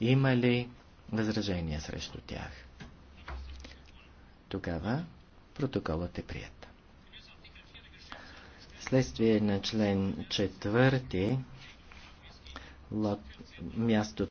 Има ли възражения срещу тях? Тогава протоколът е прият. Следствие на член 4 лот, място